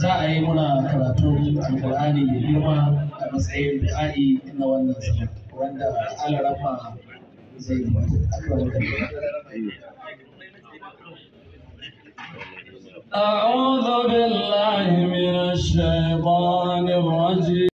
za a yi muna karatun alkur'ani mai girma a matsayin bi'a'i na wannan shirin wanda alarama zai gabatar أعوذ بالله من الشيطان الرجيم